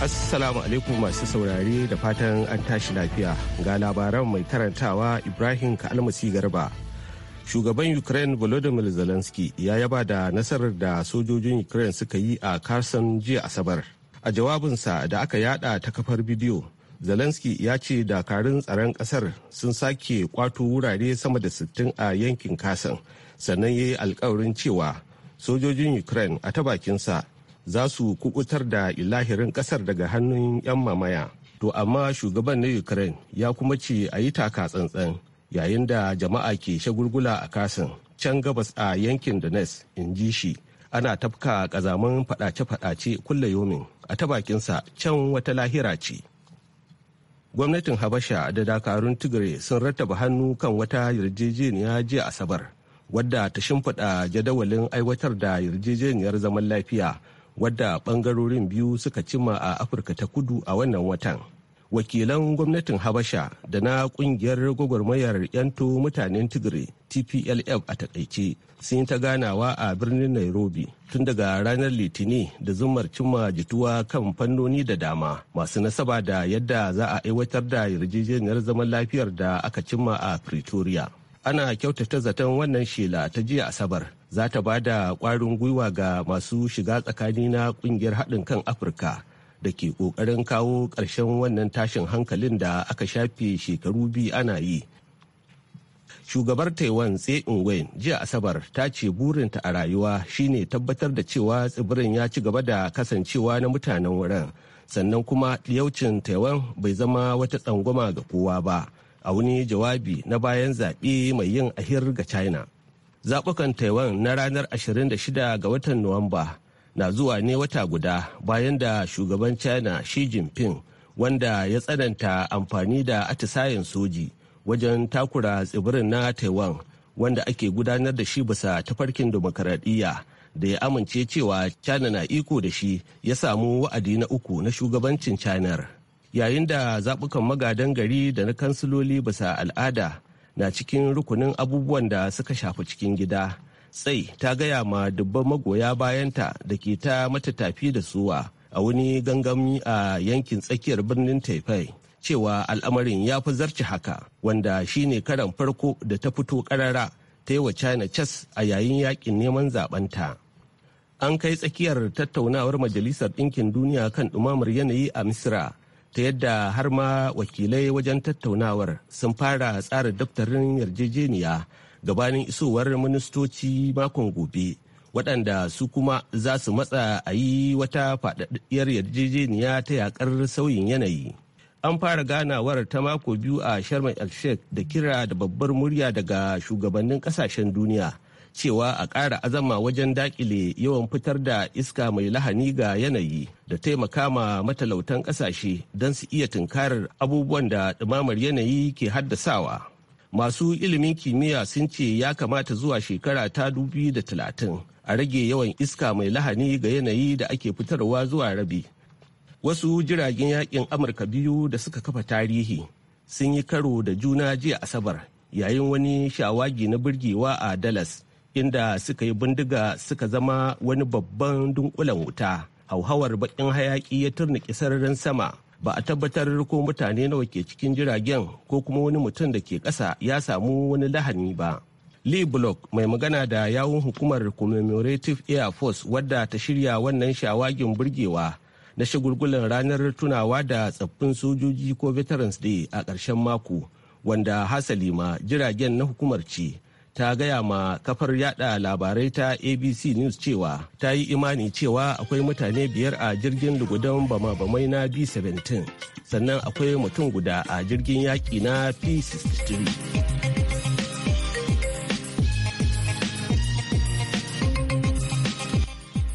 Assalamu alaikum masu saurare da fatan an tashi lafiya ga labaran mai karantawa Ibrahim Kalmasi Garba. Shugaban Ukraine Volodymyr Zelensky ya yaba da nasarar da sojojin Ukraine suka yi a Kherson jiya Asabar. A jawabinsa da aka yada ta kafar bidiyo, Zelensky ya ce dakarun tsaron kasar sun sake kwato wurare sama da 60 a yankin kasan sannan ya yi alkawarin cewa sojojin Ukraine a ta bakinsa za su kukutar da ilahirin kasar daga hannun 'yan mamaya to amma shugaban na ukraine ya kuma ce a yi taka tsantsan yayin da jama'a ke shagulgula a kasin can gabas a yankin donetsk in ji shi ana tafka kazaman fadace-fadace kulle yomin a ta bakinsa can wata lahira ce gwamnatin habasha da dakarun tigray sun rattaba hannu kan wata yarjejeniya jiya asabar wadda ta shimfiɗa jadawalin aiwatar da yarjejeniyar zaman lafiya wadda ɓangarorin biyu suka cimma a afirka ta kudu a wannan watan wakilan gwamnatin habasha da na kungiyar gwagwarmayar yanto mutanen tigray tplf a takaice sun ta ganawa a birnin nairobi tun daga ranar litini da zumar cimma jituwa kan fannoni da dama masu nasaba da yadda za a aiwatar da yarjejeniyar zaman lafiyar da aka cimma a pretoria ana kyautata zaton wannan shela ta jiya asabar za ta ba da ƙwarin gwiwa ga masu shiga tsakani na ƙungiyar haɗin kan afirka da ke ƙoƙarin kawo ƙarshen wannan tashin hankalin da aka shafe shekaru biyu ana yi shugabar taiwan tse ingwen jiya asabar ta ce burinta a rayuwa shine tabbatar da cewa tsibirin ya ci gaba da kasancewa na mutanen wurin sannan kuma yaucin taiwan bai zama wata tsangwama ga kowa ba a wani jawabi na bayan zaɓe mai yin ahir ga china zaɓukan taiwan na ranar 26 ga watan nuwamba na zuwa ne wata guda bayan da shugaban china shi jinping wanda ya tsananta amfani da atisayen soji wajen takura tsibirin na taiwan wanda ake gudanar da shi bisa tafarkin demokaradiyya da ya amince cewa china na iko da shi ya samu wa'adi na uku na shugabancin chinar yayin da zaɓukan magadan gari da na kansiloli bisa al'ada na cikin rukunin abubuwan da suka shafi cikin gida tsai ta gaya ma dubban magoya bayanta da ke ta matatafi da suwa a wani gangami a yankin tsakiyar birnin taifai cewa al'amarin ya fi zarci haka wanda shine karan farko da ta fito karara ta yi wa china chess a yayin yakin neman zabanta an kai tsakiyar tattaunawar majalisar ɗinkin duniya kan ɗumamar yanayi a misra ta yadda har ma wakilai wajen tattaunawar sun fara tsara daftarin yarjejeniya gabanin isowar ministoci makon gobe waɗanda su kuma za su matsa a yi wata faɗaɗɗiyar yarjejeniya ta yaƙar sauyin yanayi an fara ganawar ta mako biyu a sharma el sheikh da kira da babbar murya daga shugabannin ƙasashen duniya cewa a ƙara azama wajen dakile yawan fitar da iska mai lahani ga yanayi da taimaka ma matalautan ƙasashe don su iya tunkarar abubuwan da ɗumamar yanayi ke haddasawa. Masu ilimin kimiyya sun ce ya kamata zuwa shekara ta dubi da talatin a rage yawan iska mai lahani ga yanayi da ake fitarwa zuwa rabi. Wasu jiragen yakin Amurka biyu da suka kafa tarihi sun yi karo da juna jiya Asabar yayin wani shawagi na birgewa a Dallas inda suka yi bindiga suka zama wani babban dunkulen wuta hauhawar bakin hayaki ya turniki sararin sama ba a tabbatar ko mutane nawa ke cikin jiragen ko kuma wani mutum da ke ƙasa ya samu wani lahani ba lee block mai magana da yawun hukumar commemorative air force wadda ta shirya wannan shawagin burgewa na shagulgulan ranar tunawa da tsaffin sojoji ko veterans day a ƙarshen mako wanda hasali ma jiragen na hukumar ce ta gaya ma kafar yada labarai ta abc news cewa ta yi imani cewa akwai mutane biyar a jirgin lugudan bama-bamai na b-17 sannan akwai mutum guda a jirgin yaƙi na p-63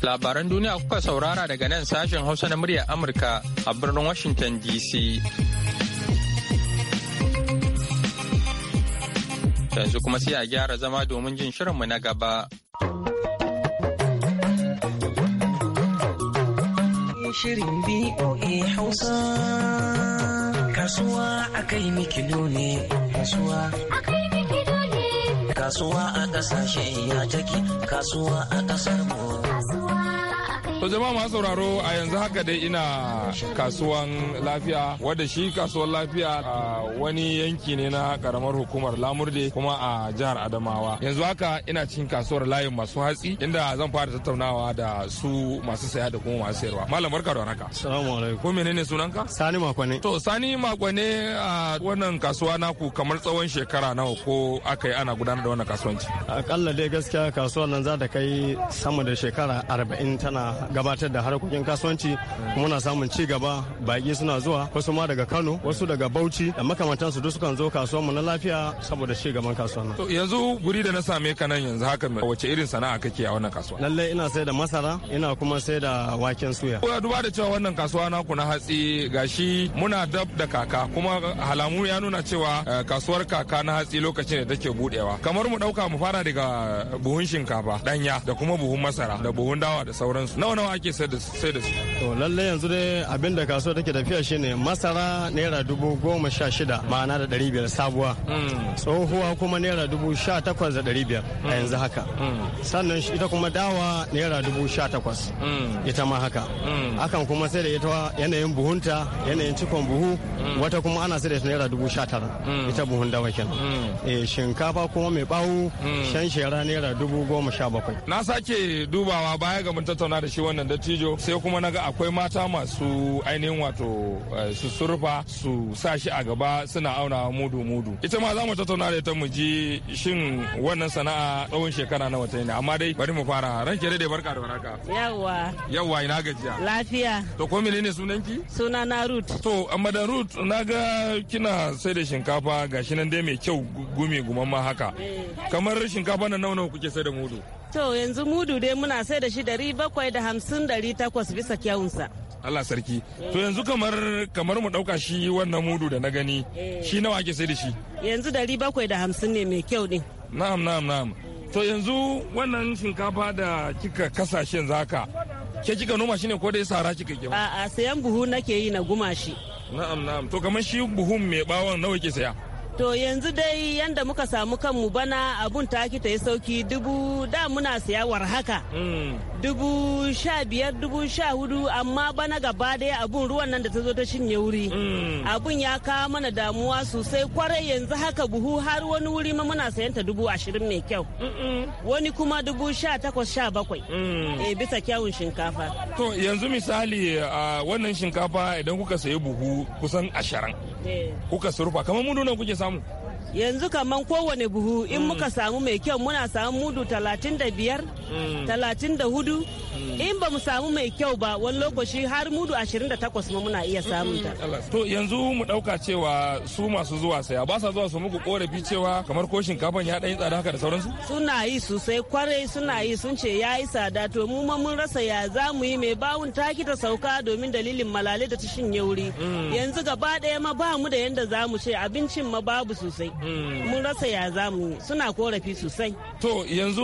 labaran duniya kuka saurara daga nan sashen hausa na muryar amurka a birnin washington dc Yanzu kuma sai a gyara zama domin jin shirinmu na gaba. Shirin BOA Hausa Kasuwa a kai a kai ya take Kasuwa a kasar mu To jama'a masu sauraro a yanzu haka dai ina kasuwan lafiya wadda shi kasuwan lafiya a wani yanki ne na karamar hukumar Lamurde kuma a jihar Adamawa. Yanzu haka ina cikin kasuwar layin masu hatsi inda zan fara tattaunawa da su masu saya da kuma masu sayarwa. Malam barka da warhaka. Assalamu alaikum. Ko menene sunanka? Sani Makwane. To Sani Makwane a wannan kasuwa naku kamar tsawon shekara nawa ko aka yi ana gudanar da wannan kasuwanci? Akalla dai gaskiya kasuwar nan za ta kai sama da shekara arba'in tana gabatar da harkokin kasuwanci muna samun ci gaba baƙi suna zuwa wasu ma daga Kano wasu daga Bauchi da makamantansu duk sukan zo kasuwar mu na lafiya saboda ci gaban kasuwar. To yanzu guri da na same ka nan yanzu haka wace irin sana'a kake a wannan kasuwa? Lallai ina sai da masara ina kuma sai da waken suya. Ko duba da cewa wannan kasuwa naku na hatsi gashi muna dab da kaka kuma halamu ya nuna cewa eh, kasuwar kaka na hatsi lokacin da take budewa. Kamar mu dauka mu fara daga buhun shinkafa danya da kuma buhun masara da buhun dawa da sauransu. Nawa nawa ake sai da su to lalle yanzu dai abin da kasuwa take tafiya shine masara naira dubu goma sha shida ma'ana da ɗari biyar sabuwa mm. tsohuwa kuma naira dubu sha takwas da ɗari biyar a mm. yanzu haka mm. sannan ita kuma dawa naira dubu sha takwas ita ma haka akan kuma sai da ita yanayin buhunta yanayin cikon buhu wata kuma ana sai da ita naira dubu sha tara ita buhun dawa kenan eh, shinkafa kuma mai bawu shan shera naira dubu goma sha bakwai na sake dubawa baya ga mun tattauna da shi wannan dattijo sai kuma naga akwai mata masu ainihin wato eh, su surfa su sa shi a gaba suna auna mudu mudu ita ma za mu tattauna da ita mu ji shin wannan sana'a tsawon shekara na wata ne amma dai bari mu fara ranke dai barka da baraka yawa yawa ina gajiya lafiya to ko menene sunanki suna na root to da root naga kina sai da shinkafa gashi nan dai mai kyau gumi gumamma haka eh. kamar shinkafa na nawa kuke sai da mudu To yanzu mudu dai muna sai da shi dari bakwai da hamsin dari takwas bisa kyawunsa. Allah sarki. To yanzu kamar kamar mu ɗauka shi wannan mudu da na gani eh. shi nawa ake sai da shi? Yanzu dari bakwai da hamsin ne mai kyau ɗin. Na'am na'am na'am. To yanzu wannan shinkafa da kika kasashen zaka ke kika noma shi ne ko dai sara kika ke A'a sayan buhu nake yi na gumashi. Na'am na'am to kamar shi buhun mai bawon nawa ke saya? To yanzu dai yanda muka samu kanmu bana abun taki ta yi sauki dubu da muna siya haka. Hmm. Dubu sha biyar dubu sha hudu amma bana gaba daya abun ruwan nan da ta zo ta shinye wuri. Hmm. Abun ya kawo mana damuwa sosai kwarai yanzu haka buhu har wani wuri ma muna sayan ta dubu ashirin mai kyau. Wani kuma dubu sha takwas sha bakwai. E bisa kyawun shinkafa. To yanzu misali wannan shinkafa idan kuka sayi buhu kusan ashirin. Eh. kuka surfa kamar mudu nan kuke samu yanzu kaman kowane buhu in hmm. muka samu mai kyau muna samu mudu talatin da biyar hmm. talatin da hudu in ba mu samu mai kyau ba wani lokaci har mudu 28 ma muna iya samun ta mm-hmm. to yanzu mu dauka cewa su masu zuwa saya ba sa zuwa su muku korafi cewa kamar ko shinkafan ya dan yi tsada haka da sauransu suna yi sosai kwarai suna yi sun ce ya yi tsada to mu ma mun rasa ya za mu yi mai bawun taki ta sauka domin dalilin malale da ta shinye wuri mm. yanzu gaba daya ma ba mu da yanda za mu ce abincin ma babu sosai mm. mun rasa ya za mu yi suna korafi sosai to yanzu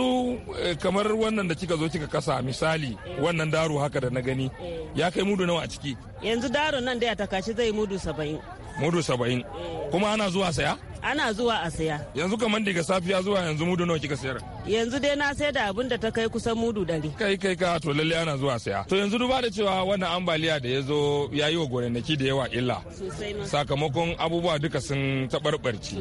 eh, kamar wannan da kika zo kika kasa misali Eh. wannan daro haka da na gani eh. ya kai mudu nawa a ciki yanzu daro nan da ya takashi zai mudu saba'in mudu saba'in kuma ana zuwa saya ana zuwa a saya yanzu kamar daga safiya zuwa yanzu mudu nawa kika sayar yanzu dai na sai da abin da ta kai kusan mudu dari kai kai ka to lalle ana zuwa saya to yanzu duba da cewa wannan ambaliya da ya zo ya yi wa gonannaki da yawa illa sakamakon abubuwa duka sun taɓarɓarci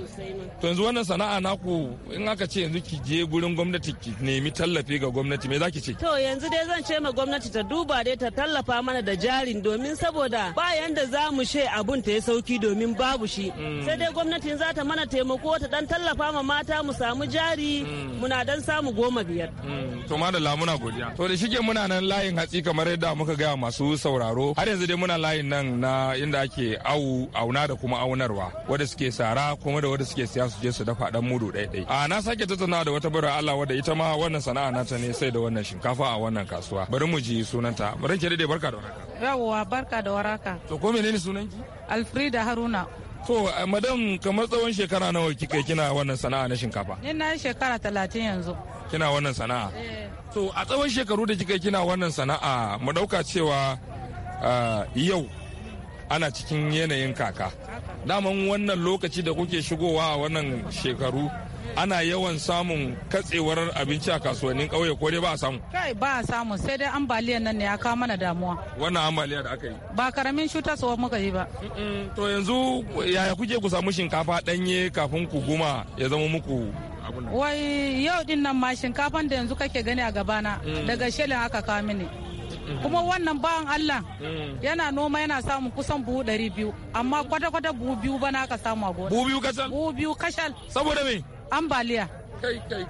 to yanzu wannan sana'a naku in aka ce yanzu ki je gurin gwamnati ki nemi tallafi ga gwamnati me zaki ce to yanzu dai zan ce ma gwamnati ta duba dai ta tallafa mana da jarin domin saboda bayan da za mu she abun ta ya sauki domin babu shi mm. sai dai gwamnatin za ta mana taimako ta dan tallafa ma mata mu samu jari mm. muna dan samu goma biyar mm. to madalla muna godiya to da shike muna nan layin hatsi kamar yadda muka gaya masu sauraro har yanzu dai muna layin nan na inda ake awu auna da kuma aunarwa wanda suke sara kuma da wanda suke siya su je su dafa dan mudu ɗaya ɗaya a na sake tattauna da wata bara Allah wadda ita ma wannan sana'a nata ne sai da wannan shinkafa a wannan kasuwa bari mu ji sunanta bari ki da barka da warhaka yawwa barka da warhaka to ko menene sunanki alfrida haruna To, so, eh, madam kamar tsawon shekara nawa kika kina wannan sana'a na shinkafa? Ni na shekara talatin yanzu. Kina wannan sana'a? Eh. To, so, a tsawon shekaru da kika kina wannan sana'a mu ɗauka cewa eh, yau ana cikin yanayin kaka. Daman wannan lokaci da kuke shigowa a wannan shekaru ana yawan samun katsewar abinci a kasuwannin kauye ko dai ba a samu kai ba a samu sai dai ambaliyar nan ne ya kawo mana damuwa wannan ambaliya da aka yi ba karamin shuta tsohon muka yi ba to yanzu yaya kuke ku samu shinkafa ɗanye kafin ku guma ya zama muku wai yau din nan ma shinkafan da yanzu kake gani a gabana mm. daga shelin aka kawo mini kuma wannan bawan Allah mm. yana noma yana samu kusan buhu ɗari biyu amma kwata-kwata buhu biyu bana aka samu a gona buhu biyu kashal buhu biyu kashal saboda me ambaliya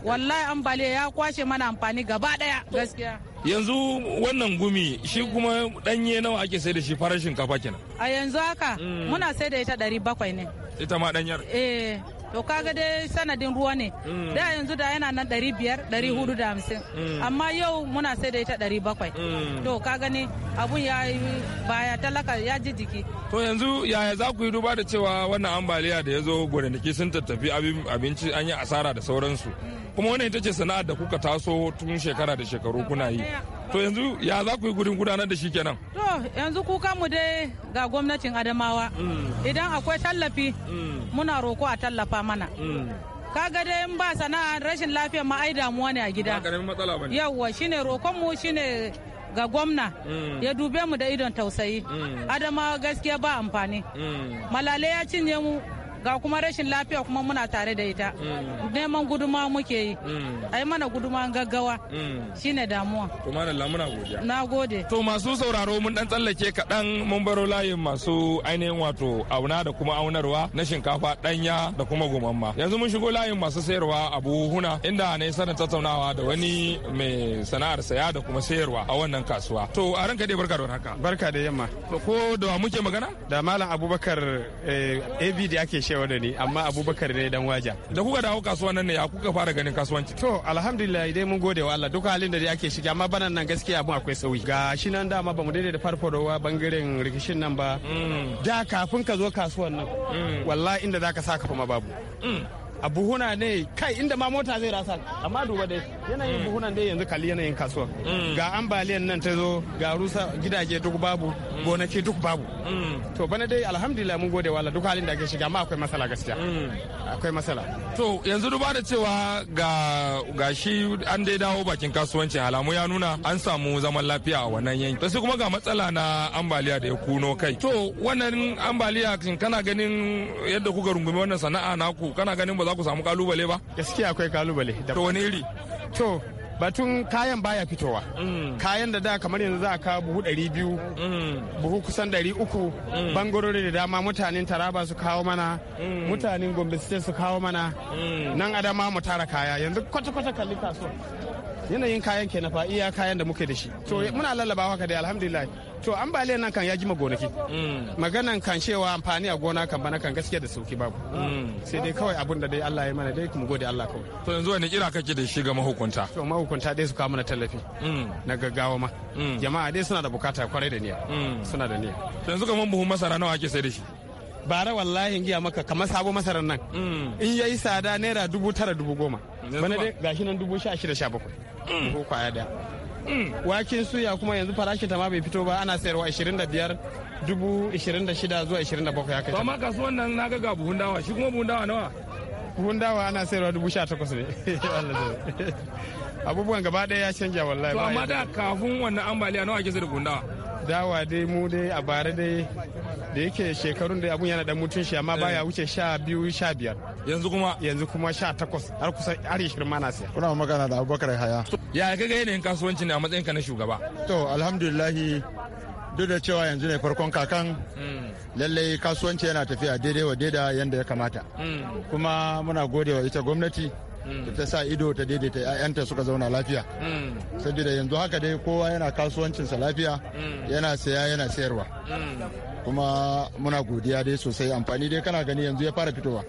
wallahi ambaliya ya kwashe mana amfani gaba daya gaskiya yanzu wannan gumi shi kuma danye nawa ake sai da shi farashin kafa kenan a yanzu haka hmm. muna sai da ita 700 ne ita ma danyar eh to kaga dai sanadin ruwa ne mm. da yanzu da yana nan ɗari biyar mm. hudu mm. amma yau muna sai da ita 700 to ka gani abun ya baya talaka ya ji jiki to yanzu yaya za ku yi duba da cewa wannan ambaliya da ya zo gonaki sun tattafi abinci an yi asara da sauransu kuma wannan ita ce sana'ar da kuka taso tun shekara da shekaru kuna yi to yanzu ya za ku yi gudun gudanar da shi kenan to yanzu kuka mu dai ga gwamnatin adamawa mm. idan akwai tallafi mm. muna roko a tallafa mana mm. kaga dai in ba sana'a rashin lafiya ma ai damuwa ne a gida yawwa shine rokon mu shine ga gwamna ya dube mu da idon tausayi adamawa gaskiya ba amfani malale ya cinye mu ga kuma rashin lafiya kuma muna tare da ita mm. neman guduma muke yi mm. a yi mana guduma gaggawa mm. shine damuwa to malalla muna godiya na gode to masu sauraro mun dan tsallake kaɗan mun baro layin masu ainihin wato auna da kuma aunarwa na shinkafa ɗanya da kuma gumamma yanzu mun shigo layin masu sayarwa a buhuhuna inda ne yi sanin tattaunawa da wani mai sana'ar saya da kuma sayarwa a wannan kasuwa to a ranka dai barka da haka barka da yamma ko da muke magana da malam abubakar eh, abd ake shi cewa da ni amma abubakar ne dan waja da kuka dawo kasuwa nan ne ya kuka fara ganin kasuwanci to alhamdulillah dai mun gode wa Allah duk halin da dai ake shiga amma banan nan gaskiya abun akwai sauyi ga shi nan dama bamu daidai da farfarowa bangaren rikishin nan ba mm. da kafin ka zo kasuwan nan mm. wallahi inda zaka saka fama babu mm. a buhuna ne kai inda ma mota zai rasa amma duba dai yanayin mm. buhunan dai yanzu kalli yanayin kasuwa mm. ga ambaliyan nan ta zo ga rusa gidaje duk babu mm. gonaki duk babu to bana dai alhamdulillah mun gode wala duk halin da ake shiga amma akwai matsala gaskiya akwai matsala to yanzu duba da cewa ga ga shi an dai dawo bakin kasuwanci alamu ya nuna an samu zaman lafiya a wannan yanki sai kuma ga matsala na ambaliya da ya kuno kai to wannan ambaliya kana ganin yadda kuka rungumi wannan sana'a naku kana ganin ba za ku samu kalubale ba gaskiya akwai kalubale to wani iri to batun kayan baya fitowa mm. kayan da da kamar yanzu za a kawo buhu biyu. Mm. buhu kusan ɗari uku. Mm. bangarori da dama mutanen taraba su kawo mana mutanen gombe su kawo mana nan adama mu tara kaya yanzu kwata-kwata kalli kasuwa yanayin kayan ke na fa iya kayan da muke da shi to muna lallaba haka dai alhamdulillah to an ambaliyar nan kan ya jima gonaki mm. maganan kan cewa amfani a gona kan bana kan gaskiya da sauki babu mm. sai dai kawai abun da dai Allah ya mana dai kuma gode Allah kawai to yanzu wani kira kake da shi ga mahukunta to mahukunta dai su kawo mana tallafi mm. na gaggawa ma jama'a dai suna da bukata kwarai da niyya suna da niyya to yanzu kaman buhun masara nawa ake sai da shi bara wallahi giya maka kamar sabo masarar nan in yayi tsada naira dubu tara dubu goma bana dai gashi nan dubu sha shida sha bakwai buhu mm. kwaya daya mm. waken suya kuma yanzu farashin ta ma bai fito ba ana sayarwa 25 dubu 26 zuwa 27 ya kai amma kasuwan nan na ga buhun dawa shi kuma buhun dawa nawa buhun dawa ana sayarwa dubu 18 ne abubuwan gaba daya ya canja wallahi to amma da kafin wannan ambaliya nawa ake sayar da buhun dawa dawa dai mu dai a bara dai da yake shekarun da abun yana da mutun shi amma baya eh. wuce sha biyu sha biyar yanzu kuma yanzu kuma sha takwas har kusan har ishirin ma na siya kuna magana da abubakar haya ya ka ga yanayin kasuwanci ne a matsayin ka na shugaba to alhamdulillahi duk da cewa yanzu ne farkon kakan hmm. lallai kasuwanci yana tafiya daidai wa daida yanda ya kamata hmm. kuma muna gode wa ita gwamnati da mm. ta sa ido ta daidaita 'ya'yanta suka zauna lafiya mm. saboda yanzu haka dai kowa yana kasuwancinsa lafiya mm. yana saya yana sayarwa kuma muna godiya dai sosai amfani dai kana gani yanzu ya fara fitowa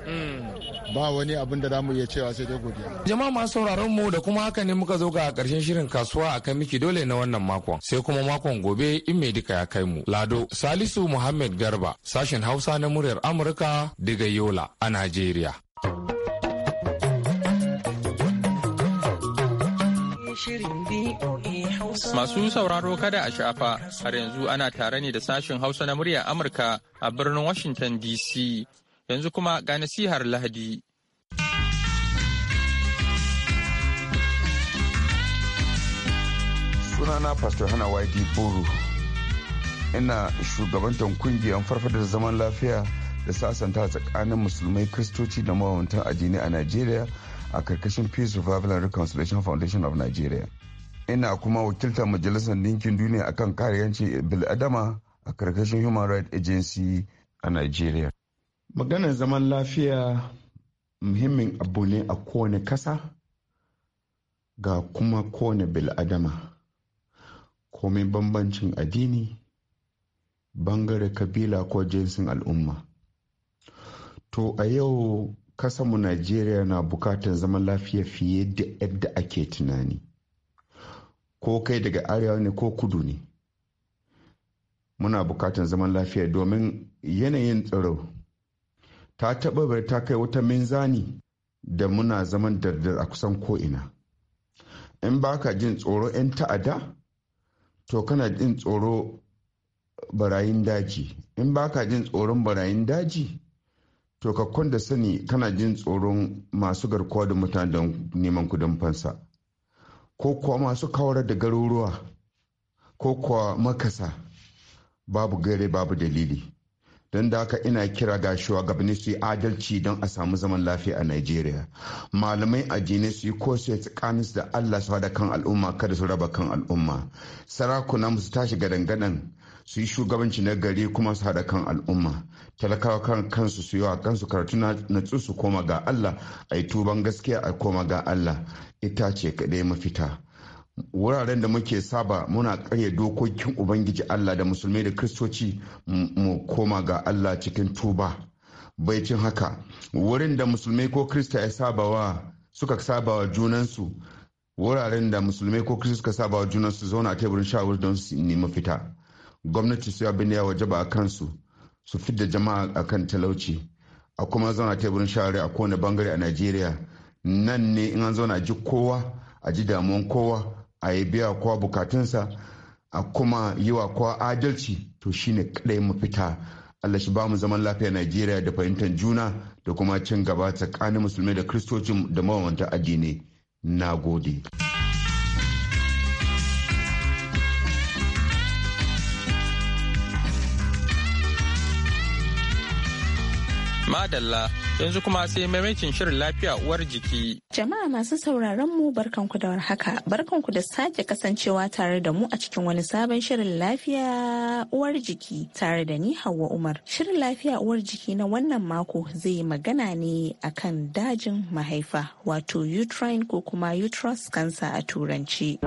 ba wani abin da zamu iya cewa sai dai godiya jama'a masu sauraron mu da kuma haka ne muka zo ga karshen shirin kasuwa a kan miki dole na wannan makon sai kuma makon gobe in mai duka ya kai mu lado salisu muhammad garba sashen hausa na muryar amurka daga yola a najeriya Masu sauraro kada a shafa har yanzu ana tare ne da sashen Hausa na murya Amurka a birnin Washington DC. Yanzu kuma ga nasihar Lahadi. Sunana Pastor Hana Wadi Buru. Ina shugabantar kungiyar farfadar zaman lafiya da sasanta tsakanin musulmai kristoci da mawantan addini a Najeriya a karkashin Peace of and Reconciliation Foundation of Nigeria. ina kuma wakiltar majalisar ɗinkin duniya akan kare yancin bil'adama a karkashin human rights agency a nigeria maganar zaman lafiya muhimmin abu ne a kowane kasa ga kuma kowane bil'adama komai bambancin addini bangare kabila ko jinsin al'umma to a yau kasanmu najeriya na bukatar zaman lafiya fiye da yadda ake tunani ko kai daga arewa ne ko kudu ne muna bukatan zaman lafiya domin yanayin tsaro ta taɓa bari ta kai wata minzani da muna zaman dardar a kusan ko'ina in ba ka jin tsoro 'yan ta'ada to kana jin tsoro barayin daji in ba ka jin tsoron barayin daji to ka kwanda sani kana jin tsoron masu garkuwa da mutane don neman kudin fansa ko kuwa masu kawar da garuruwa ko kuwa makasa babu gare babu dalili don da haka ina kira ga shugabanni su yi adalci don a samu zaman lafiya a Najeriya. Malamai addini su yi kosu ya tsakanin da Allah su da kan al'umma kada su raba kan al'umma. Sarakuna su tashi gadangadan su yi shugabanci na gari kuma su haɗa kan al'umma. Talakawa kan kansu su yi wa kansu karatu na su koma ga Allah a yi tuban gaskiya a koma ga Allah. ita ce kaɗai mafita wuraren da muke saba muna karya dokokin ubangiji allah da musulmai da kristoci mu koma ga allah cikin tuba bai cin haka wurin da musulmai ko krista ya saba wa suka saba junansu wuraren da musulmai ko krista suka saba junansu zauna a teburin shawar don su nemi fita gwamnati su abin da ya ba a kansu su fidda jama'a akan talauci a kuma zauna teburin shawar a kowane bangare a najeriya nan ne in an zauna ji kowa a ji damuwan kowa a yi biya kowa bukatunsa a kuma yi wa kowa adalci to shi ne kadai mafita Allah shi ba mu zaman lafiya Najeriya da fahimtar juna da kuma cin gaba tsakanin musulmai da kristocin da mawanta addini na gode. Madalla yanzu kuma sai maimakin shirin lafiya uwar jiki. Jama'a masu sauraron mu barkanku da warhaka. Barkanku da sake kasancewa tare da mu a cikin wani sabon shirin lafiya uwar jiki tare da ni Hauwa Umar. Shirin lafiya uwar jiki na wannan mako zai yi magana ne akan dajin mahaifa wato uterine ko kuma uterus cancer a turanci.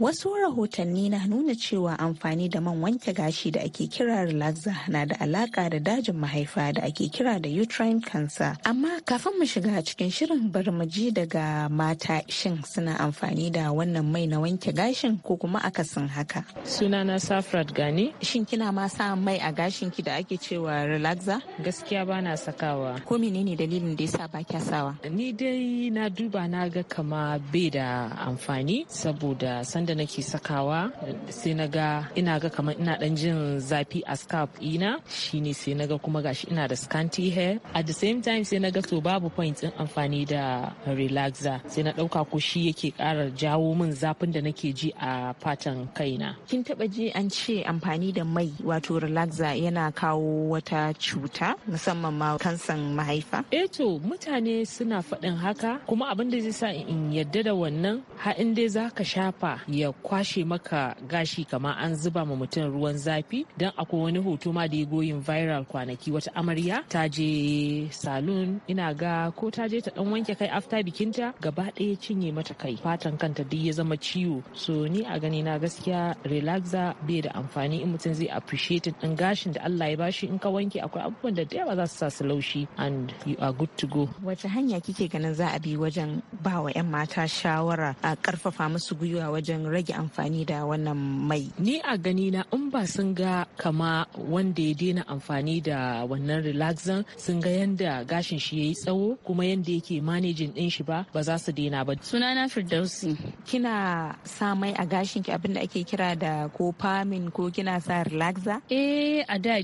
Wasu rahotanni na nuna cewa amfani da man wanke gashi da ake kira relaxa na da alaka da dajin mahaifa da ake kira da uterine cancer. Amma kafin mu shiga cikin shirin barmaji daga mata shin suna amfani da wannan mai na wanke gashin ko kuma akasin haka. Sunana Safrat Gani. Shin kina ma sa mai a gashin ki da ake cewa relaxa? Gaskiya ba na sakawa. Ko menene dalilin da yasa ba kya sawa? Ni dai na duba na ga kama bai da amfani saboda sanda nake sakawa sai na ga ina ga kamar ina dan jin zafi a scalp ina shine sai na ga kuma gashi ina da scanty hair at the same time sai na ga to babu point din amfani da relaxer sai na dauka ko shi yake kara jawo min zafin da nake ji a fatan kaina kin taba ji an ce amfani da mai wato relaxer yana kawo wata cuta musamman ma kansan mahaifa eh to mutane suna faɗin haka kuma abin da zai sa in yadda da wannan in dai zaka shafa ya kwashe maka gashi kama an zuba ma mutum ruwan zafi don akwai wani hoto ma da ya goyin viral kwanaki wata amarya ta je salon ina ga ko ta je ta dan wanke kai after bikinta gaba ɗaya cinye mata kai fatan kanta duk ya zama ciwo so ni a gani na gaskiya relaxer bai da amfani in mutum zai appreciate din gashin da Allah ya bashi in ka wanke akwai abubuwan da yawa za su sa su laushi and you are good to go wace hanya kike ganin za a bi wajen ba wa 'yan mata shawara a karfafa musu gwiwa wajen wajen rage amfani da wannan mai ni a gani na in ba sun ga kama wanda ya daina amfani da wannan relaxan sun ga yanda gashin shi ya yi tsawo kuma yanda yake manejin din shi ba ba za su daina ba sunana firdausi kina sa mai a gashin ki abinda ake kira da ko famin ko kina sa relaxer eh a da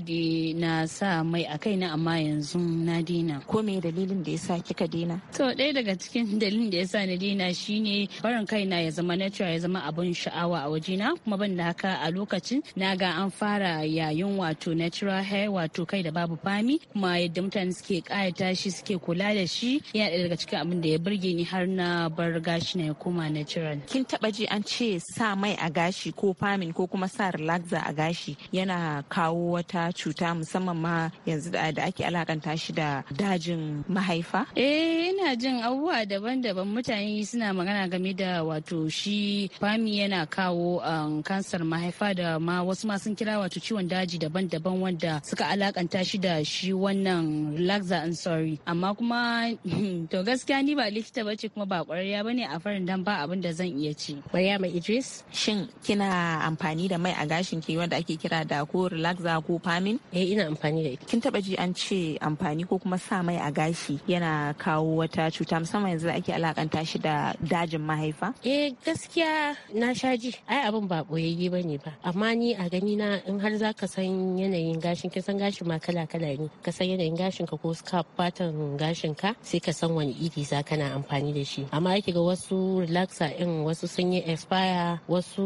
na sa mai a na amma yanzu na daina ko me dalilin da ya sa kika daina to ɗaya daga cikin dalilin da ya sa na daina shine barin na ya zama natural ya zama zama abin sha'awa a wajena kuma ban da haka a lokacin na ga an fara yayin wato natural hair wato kai da babu fami kuma yadda mutane suke kayata shi suke kula da shi yana daga cikin abin da ya burge ni har na bar gashi na ya koma natural kin taba ji an ce sa mai a gashi ko famin ko kuma sa relaxer a gashi yana kawo wata cuta musamman ma yanzu da ake alakanta shi da dajin mahaifa eh ina jin abubuwa daban-daban mutane suna magana game da wato shi Bami yana kawo um, kansar mahaifa da ma wasu ma sun kira wato ciwon daji daban-daban wanda suka alakanta shi da shi wannan laxa and sorry. Amma kuma to gaskiya ni ba likita bace kuma ba kwararriya bane a farin dan ba abin da zan iya ci. Maryama Idris, shin kina amfani da mai a gashin ki wanda ake kira da ko relaxa ko famin? Eh ina amfani da Kin taba ji an ce amfani ko kuma sa mai a gashi yana kawo wata cuta musamman yanzu ake alakanta shi da dajin mahaifa? Eh gaskiya na sha ji ai abin ba boyayye ba ne ba amma ni a gani na in har za ka san yanayin gashin kin san gashin ma kala kala ne ka san yanayin gashin ka ko ka fatan gashin ka sai ka san wani idi za kana amfani da shi amma yake ga wasu relaxer in wasu sun yi expire wasu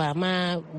ba ma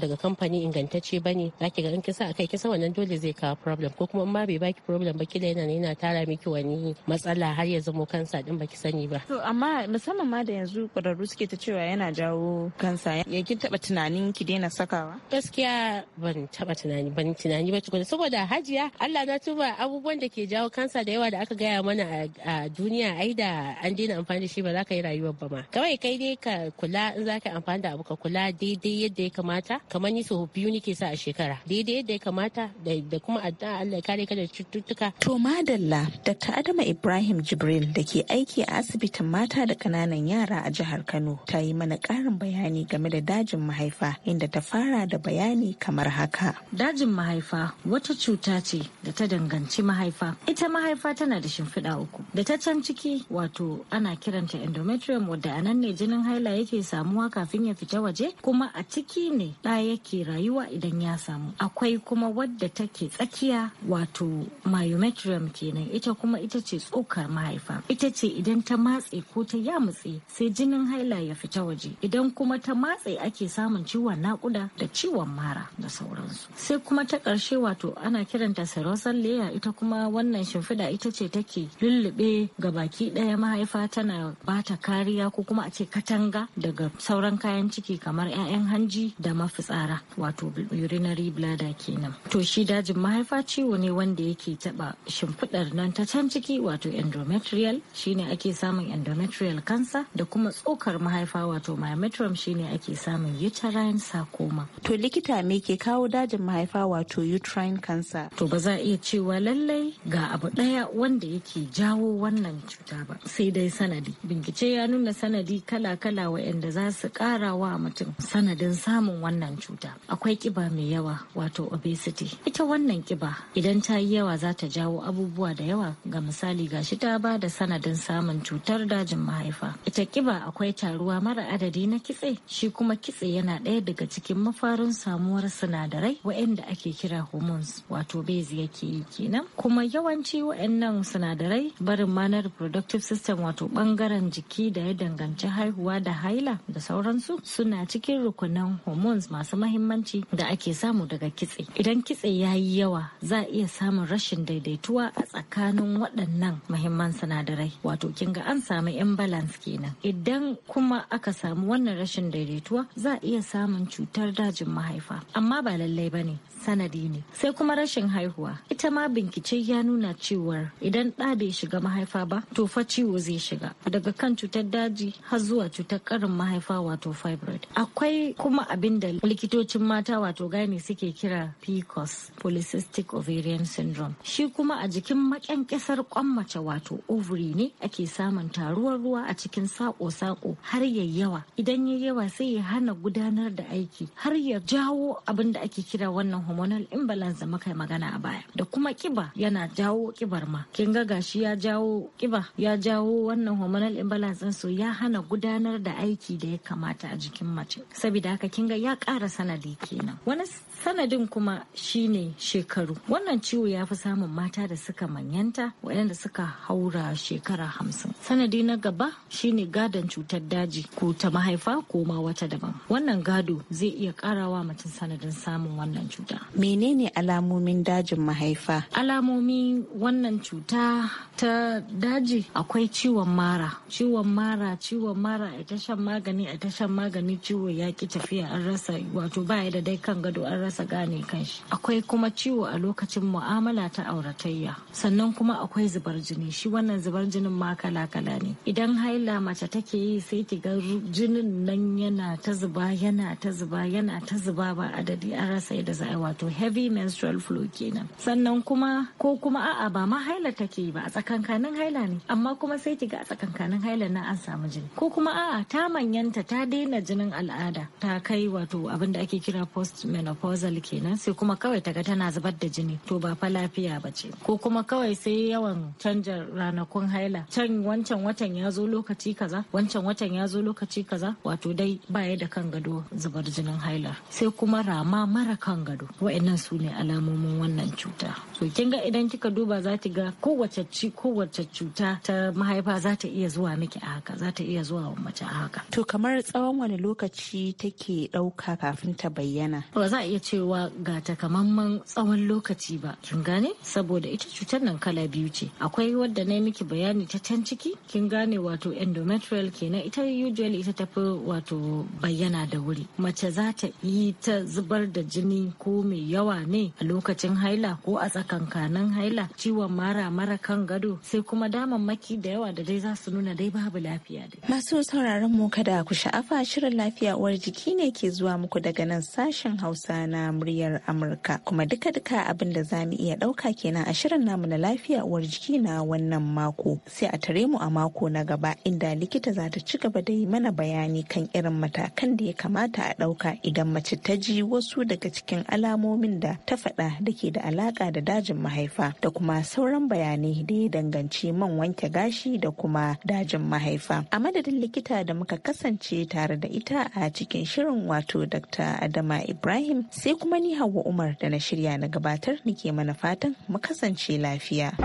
daga kamfani ingantacce ba ne za ki ga in kisa akai kisa wannan dole zai kawo problem ko kuma in ma bai baki problem ba kila yana yana tara miki wani matsala har ya zamo kansa din baki sani ba to amma musamman ma da yanzu kwararru suke ta cewa yana jawo kansa ya kin taba tunanin ki daina sakawa gaskiya ban taba tunani ban tunani ba tukuna saboda hajiya Allah na tuba abubuwan da ke jawo kansa da yawa da aka gaya mana a duniya ai da an daina amfani da shi ba za ka yi rayuwar ba ma kawai kai dai ka kula in za ka amfani da abu ka kula daidai yadda ya kamata kamar ni sau biyu nake sa a shekara daidai yadda ya kamata da kuma addu'a Allah ya kare ka da cututtuka to madalla Dr. Adama Ibrahim Jibril da ke aiki a asibitin mata da kananan yara a jihar Kano ta yi mana karin bayani game da dajin mahaifa inda ta fara da bayani kamar haka. Dajin mahaifa wata cuta ce da ta danganci mahaifa. Ita mahaifa tana da shimfiɗa uku. Da ta can ciki wato ana kiranta endometrium wadda a nan ne jinin haila yake samuwa kafin ya fita waje kuma a ciki ne ɗa yake rayuwa idan ya samu. Akwai kuma wadda take tsakiya wato myometrium kenan ita kuma ita ce tsokar mahaifa. Ita ce idan ta matse ko ta yamutse sai jinin haila ya fita waje. Idan kuma ta matse ake samun ciwon nakuda da ciwon mara da sauransu sai kuma ta ƙarshe wato ana kiranta serosal layer ita kuma wannan shimfiɗa ita ce take lullube ga baki ɗaya mahaifa tana bata kariya ko kuma a ce katanga daga sauran kayan ciki kamar 'ya'yan hanji da mafitsara wato urinary bladder kenan to shi dajin mahaifa ciwo ne wanda yake taba shimfiɗar nan ta can ciki wato endometrial shine ake samun endometrial cancer da kuma tsokar mahaifa wato myometrial uterum shine ake samun uterine sarcoma. To likita me ke kawo dajin mahaifa wato uterine cancer? To ba za a iya cewa lallai ga abu ɗaya wanda yake jawo wannan cuta ba sai dai sanadi. Bincike ya nuna sanadi kala-kala waɗanda za su ƙara wa mutum sanadin samun wannan cuta. Akwai ƙiba mai yawa wato obesity. Ita wannan ƙiba idan ta yi yawa za ta jawo abubuwa da yawa ga misali ga shi ta ba da sanadin samun cutar dajin mahaifa. Ita ƙiba akwai taruwa mara adadi na kitse shi kuma kitse yana ɗaya daga cikin mafarin samuwar sinadarai waɗanda ake kira hormones wato base yake yi kenan kuma yawanci waɗannan sinadarai barin ma na reproductive system wato ɓangaren jiki da ya danganci haihuwa da haila da sauransu suna cikin rukunan hormones masu mahimmanci da ake samu daga kitse idan kitse ya yi yawa za a iya samun rashin daidaituwa a tsakanin waɗannan mahimman sinadarai wato kinga an samu imbalance kenan idan kuma aka samu wannan rashin daidaituwa za a iya samun cutar dajin mahaifa amma ba lallai ba ne sanadi ne sai kuma rashin haihuwa ita ma bincike ya nuna cewar idan ɗa bai shiga mahaifa ba to fa ciwo zai shiga daga kan cutar daji har zuwa cutar karin mahaifa wato fibroid akwai kuma abin da likitocin mata wato gani suke kira pcos polycystic ovarian syndrome shi kuma a jikin makyankisar kwan mace wato ovary ne ake samun taruwar ruwa a cikin sako-sako har ya yawa idan ya yawa sai ya hana gudanar da aiki har ya jawo abin da ake kira wannan hormonal imbalance da muka magana a baya da kuma kiba yana jawo kibar ma kin ga gashi ya jawo kiba ya jawo wannan hormonal imbalance din so ya hana gudanar da aiki da ya kamata a jikin mace saboda haka kin ga ya ƙara sanadi kenan wani sanadin kuma shine shekaru wannan ciwo ya fi samun mata da suka manyanta waɗanda suka haura shekara hamsin sanadi na gaba shine gadon cutar daji ko ta mahaifa ko ma wata daban wannan gado zai iya karawa mutum sanadin samun wannan cuta menene alamomin dajin mahaifa Alamomi wannan cuta ta daji akwai ciwon mara ciwon mara ciwon mara a tashan magani a tashan magani ciwo ya ki tafiya an rasa wato baya da dai kan gado an rasa gane kanshi akwai kuma ciwo a lokacin mu'amala ta auratayya sannan kuma akwai zubar jini shi wannan zubar jinin ma kala kala ne idan haila mace take yi sai ki ga jinin nan yana ta zuba yana ta zuba yana ta zuba ba adadi an rasa yadda za a wato heavy menstrual flow kenan sannan kuma ko kuma a'a ba ma haila take ba a tsakankanin haila ne amma kuma sai kiga a tsakankanin haila na an samu jini ko kuma a'a ta manyanta ta daina jinin al'ada ta kai wato abin da ake kira post menopausal kenan sai kuma kawai ta ga tana zubar da jini to ba fa lafiya ba ce ko kuma kawai sai yawan canja ranakun haila can wancan watan ya zo lokaci kaza wancan watan ya zo lokaci kaza wato dai baya da kan gado zubar jinin haila sai kuma rama mara kan gado wa'annan su ne alamomin wannan cuta to kin ga idan kika duba za ki ga kowace ci kowace cuta ta mahaifa za ta iya zuwa miki a haka za ta iya zuwa wa mace a haka to kamar tsawon wani lokaci take ɗauka kafin ta bayyana ba za a iya cewa ga takamaiman tsawon lokaci ba kin gane saboda ita cutar nan kala biyu ce akwai wadda na miki bayani ta can ciki kin gane wato endometrial kenan ita usually ita tafi wato bayyana da wuri mace za ta yi ta zubar da jini ko mai yawa ne a lokacin haila ko a tsakankanin haila ciwon mara mara kan gado sai kuma maki da yawa da dai za su nuna dai babu lafiya dai. Masu sauraron mu kada ku sha'afa shirin lafiya uwar jiki ne ke zuwa muku daga nan sashen Hausa na muryar Amurka kuma duka-duka abin da za mu iya ɗauka kenan a shirin namu na lafiya uwar jiki na wannan mako sai a tare mu a mako na gaba inda likita za ta ci gaba da yi mana bayani kan irin matakan da ya kamata a ɗauka idan mace ta ji wasu daga cikin alamu kalmomin da ta faɗa da ke da alaƙa da dajin mahaifa da kuma sauran bayanai da ya danganci man wanke gashi da kuma dajin mahaifa. A madadin likita da muka kasance tare da ita a cikin shirin wato Dr. Adama Ibrahim sai kuma ni Hauwa Umar da na shirya na gabatar nike mana fatan mu kasance lafiya.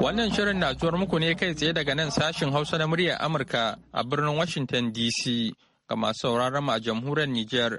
Wannan shirin na zuwar muku ne kai tsaye daga nan sashin Hausa na muryar Amurka a birnin Washington DC ga masu sauraron mu a jamhuriyar Nijar.